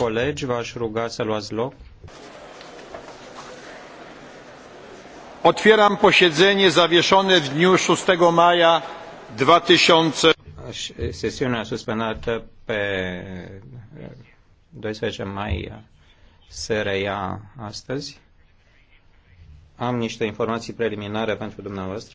Colegi, v-aș ruga să luați loc. Otwieram posiedzenie zawieszone w dniu 6 maja 2000. Sesiunea suspendată pe 12 mai se reia astăzi. Am niște informații preliminare pentru dumneavoastră.